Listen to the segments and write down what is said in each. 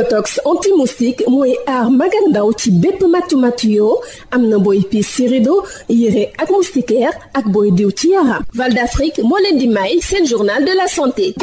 biotox anti-moustique mooy aar mag ak ndaw am na booy piis si rido yére ak moustiquaire ak booy diw ci yaram Val d'Afrique moo leen di may sen journal de la santé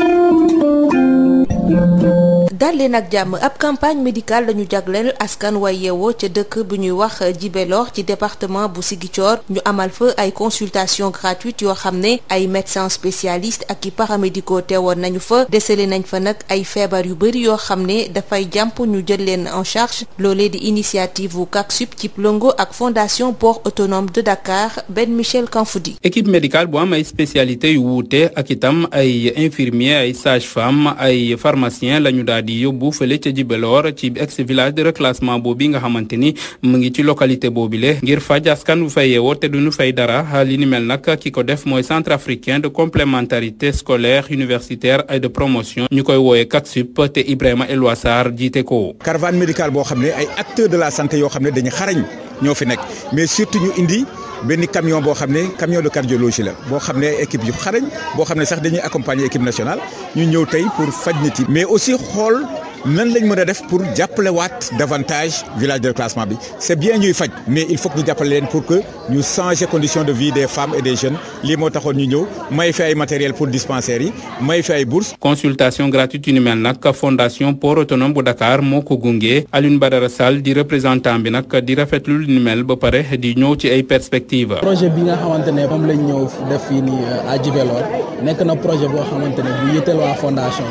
dal leen ak jàmm ab campagne médicale lañu jagleel askan way yeewoo ca dëkk bu ñuy wax Djibélor ci département bu Ziguinchor ñu amal fa ay consultation gratuite yoo xam ne ay médecins spécialistes ak i paramédicaux teewoon nañu fa desale nañ fa nag ay feebar yu bëri yoo xam ne dafay jàmp ñu jël leen en charge loolee di initiative wu CACSUB ci Longo ak fondation port autonome de Dakar benn Michel Kanfoudi. équipe médicale bu am ay spécialités yu wuute ak itam ay infirmiers ay sages-femmes ay pharmaciens lañu daal di yóbbu fële ca Djibelor ci ex village de reclassement boobu nga xamante ni mu ngi ci localité le ngir fa askan bu fay yeewoo te duñu fay dara li ni mel nag ki ko def mooy centre africain de complémentarité scolaire universitaire et de promotion ñu koy wooyee CATSUP te Ibrahima Elwa Sarr jiite ko. caravane médicale boo xam ne ay acteur de la santé yoo xam ne dañu xarañ ñoo fi nekk mais surtout ñu indi. benn camion boo xam ne camion de cardiologie la boo xam ne équipe yu xarañ boo xam ne sax dañuy accompagner équipe nationale ñu ñëw tey pour faj nit yi mais aussi xool nan lañ mën a def pour jàppale waat davantage village de reclassement bi c'est bien ñuy faj mais il faut ñu jàppale leen pour que ñu changer condition de vie des femmes et des jeunes lii moo taxoon ñu ñëw may fi ay matériel pour dispensaires yi may fi ay bourse consultation gratuite yu ni mel nag fondation port autonome bu Dakar moo ko gunge ba Badara Sall di représentant bi nag di rafetlu lu ni mel ba pare di ñëw ci ay perspectives. projet bi nga xamante ne moom lañ ñëw def fii nii euh, à Djibelor nekk na projet boo xamante ne bu yitteel fondation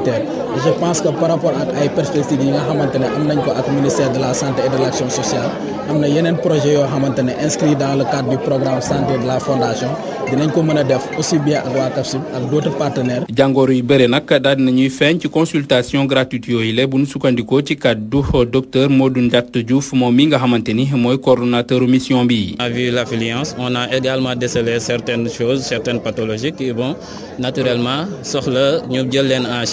prioritaire je pense que par rapport ak ay perspectives yi nga xamante ne am nañ ko ak ministère de la santé et de l' action sociale am na yeneen projet yoo xamante ne inscrit dans le cadre du programme santé de la fondation dinañ ko mën a def aussi bien ak waa CAPSUB ak d' autres partenaires. jàngoro yu bëri nag daal dinañuy feeñ ci consultation gratuite yooyu la bu ñu sukkandikoo ci kàddu docteur Modou Ndiatt Diouf moom mi nga xamante ni mooy coordonnateur mission bi. on a vu l' affluence on a également décelé certaines choses certaines pathologies qui vont naturellement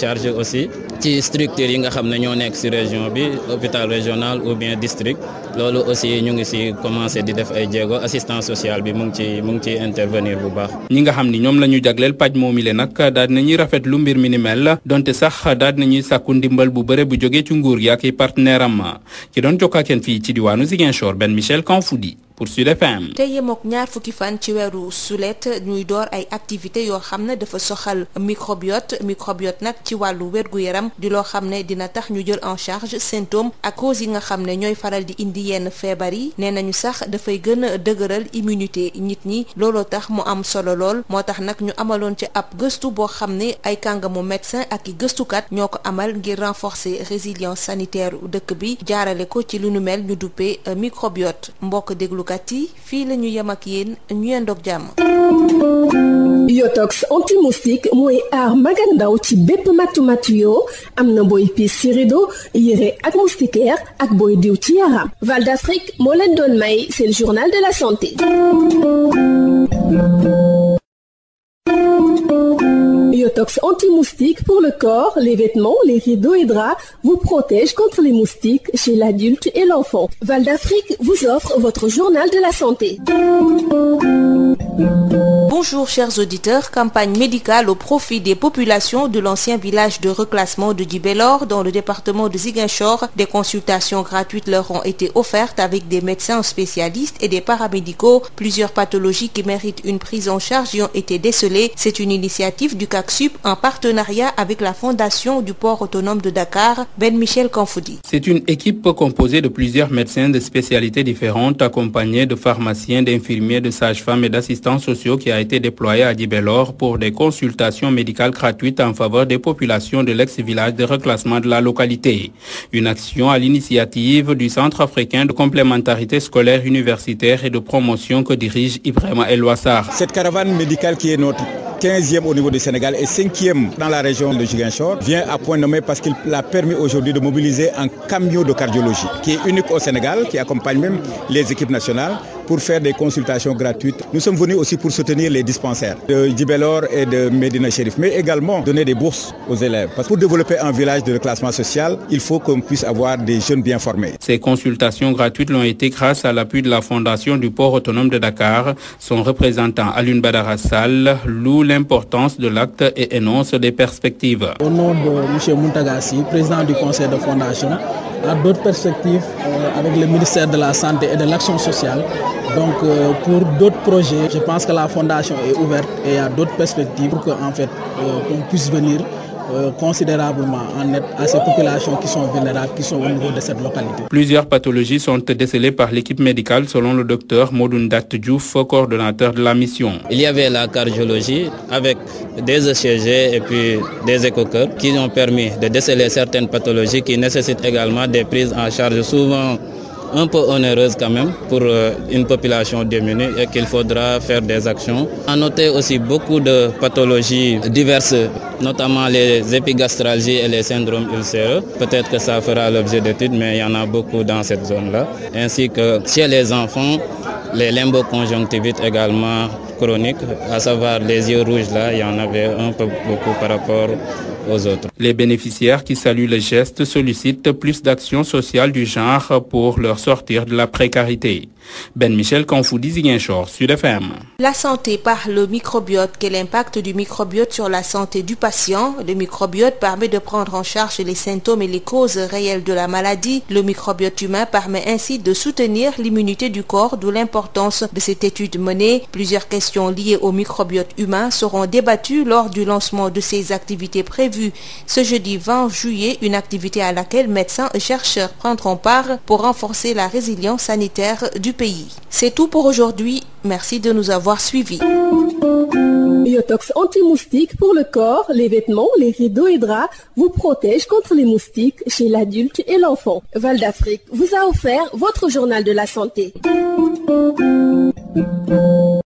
chargé aussi ci structures yi nga xam ne ñoo nekk ci région bi hôpital régional ou bien district loolu aussi ñu ngi si commencé di def ay jéego assistance sociale bi mu ngi ci intervenir bu baax. ñi nga xam ni ñoom la ñu jagleel paj moomi le nag daal di nañuy rafet lu mbir mi ni mel donte sax daal di nañuy sàkku ndimbal bu bëre bu jógee ci nguur gi ak i partenaire am ci doon jokkaaken fii ci diwaanu Ziguinchor Ben Michel Kanfoudi. pour Sud FM. te yemook ñaar fukki fan ci weeru sulet ñuy door ay activités yoo xam ne dafa soxal microbiote microbiote nag ci wàllu wérgu yaram di loo xam ne dina tax ñu jël en charge symptômes yenn feebar yi nee nañu sax dafay gën a dëgëral immunité nit ñi looloo tax mu am solo lool moo tax nag ñu amaloon ci ab gëstu boo xam ne ay kàngamu médecin ak i gëstukat ñoo ko amal ngir renforcer résilience sanitaire dëkk bi jaarale ko ci lu nu mel ñu duppee euh, microbiote mbokk déglukat yi fii la yem ak yéen ñu yendoog jàmm biotox anti-moustique mooy aar mag ak ci bépp matu-matu yoo am na booy piis ci rido yére ak moustiquaire ak booy diw ci yaram Val d'Afrique moo leen doon may seen journal de la santé Biotox anti-moustique pour le corps, les vêtements, les rideaux et draps vous protège contre journal de la santé. Bonjour chers auditeurs, campagne médicale au profit des populations de l'ancien village de reclassement de Djibélor dans le département de Ziguinchor. Des consultations gratuites leur ont été offertes avec des médecins spécialistes et des paramédicaux. Plusieurs pathologies qui méritent une prise en charge y ont été décelées. C'est une initiative du CACSUP en partenariat avec la Fondation du port autonome de Dakar, Ben Michel Kanfoudi. C'est une équipe composée de plusieurs médecins de spécialités différentes accompagnés de pharmaciens, d'infirmiers, de sages-femmes et d'assistants sociaux qui été déployés à Dibelor pour des consultations médicales gratuites en faveur des populations de l'ex-village de reclassement de la localité. Une action à l'initiative du Centre africain de complémentarité scolaire universitaire et de promotion que dirige Ibrahima El Wassar. Cette caravane médicale qui est notre 15 au niveau du Sénégal et 5 dans la région de Ziguinchor vient à point nommé parce qu'il a permis aujourd'hui de mobiliser un camion pour faire des consultations gratuites. Nous sommes venus aussi pour soutenir les dispensaires de Djibelor et de Medina Sherif, mais également donner des bourses aux élèves. Parce que pour développer un village de reclassement social, il faut qu'on puisse avoir des jeunes bien formés. Ces consultations gratuites l'ont été grâce à l'appui de la Fondation du port autonome de Dakar. Son représentant Alun Badarassal loue l'importance de l'acte et énonce des perspectives. Au nom de M. Muntagasi, président du conseil de fondation, à d'autres perspectives euh, avec le ministère de la Santé et de l'Action sociale. Donc euh, pour d'autres projets, je pense que la fondation est ouverte et à d'autres perspectives pour qu'en fait euh, qu'on puisse venir Euh, considérablement en aide à ces populations qui sont vulnérables, qui sont au niveau de cette localité. Plusieurs pathologies sont décelées par l'équipe médicale selon le docteur Modoundat Diouf, coordonnateur de la mission. Il y avait la cardiologie avec des ECG et puis des écocœurs qui ont permis de déceler certaines pathologies qui nécessitent également des prises en charge souvent un peu onéreuse quand même pour euh, une population démunie et qu'il faudra faire des actions. À noter aussi beaucoup de pathologies diverses, notamment les épigastralgies et les syndromes ulcéreux. Peut-être que ça fera l'objet d'études, mais il y en a beaucoup dans cette zone-là. Ainsi que chez les enfants, les limboconjonctivites également chroniques, à savoir les yeux rouges là, il la précarité. Ben Michel Confoudi Ziguinchor, Sud FM. La santé par le microbiote, quel impact du microbiote sur la santé du patient Le microbiote permet de prendre en charge les symptômes et les causes réelles de la maladie. Le microbiote humain permet ainsi de soutenir l'immunité du corps, d'où l'importance de cette étude menée. Plusieurs questions liées au microbiote humain seront débattues lors du lancement de ces activités prévues ce jeudi juillet, une activité à laquelle médecins et chercheurs prendront part pour renforcer la résilience sanitaire du pays. C'est tout pour aujourd'hui. Merci de nous avoir suivis. Biotox anti pour le corps, les vêtements, les rideaux et draps vous protège contre les moustiques chez l'adulte et l'enfant. Val d'Afrique vous a offert votre journal de